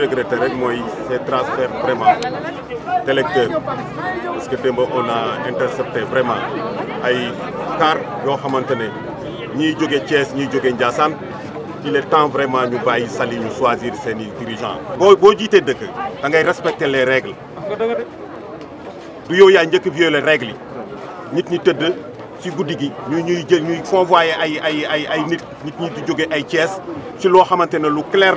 regrette rek moy ces transferts vraiment d'électeurs parce que on a intercepté vraiment car nous avons il est temps vraiment ñu nous nous choisir ces dirigeants. bo jité deuk da ngay respecter les règles du y yaa ñëk violer règles nit ñi teud ci gi ñuy clair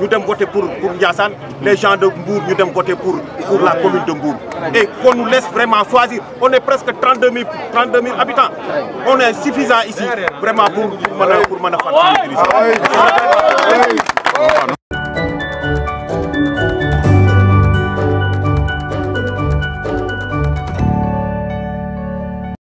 nous devons voter pour, pour les gens de Mbour, nous devons voter pour, la commune de Mbour. Et qu'on nous laisse vraiment choisir. On est presque 32 000, habitants. On est suffisant ici, vraiment, pour, pour, pour, ah pour ah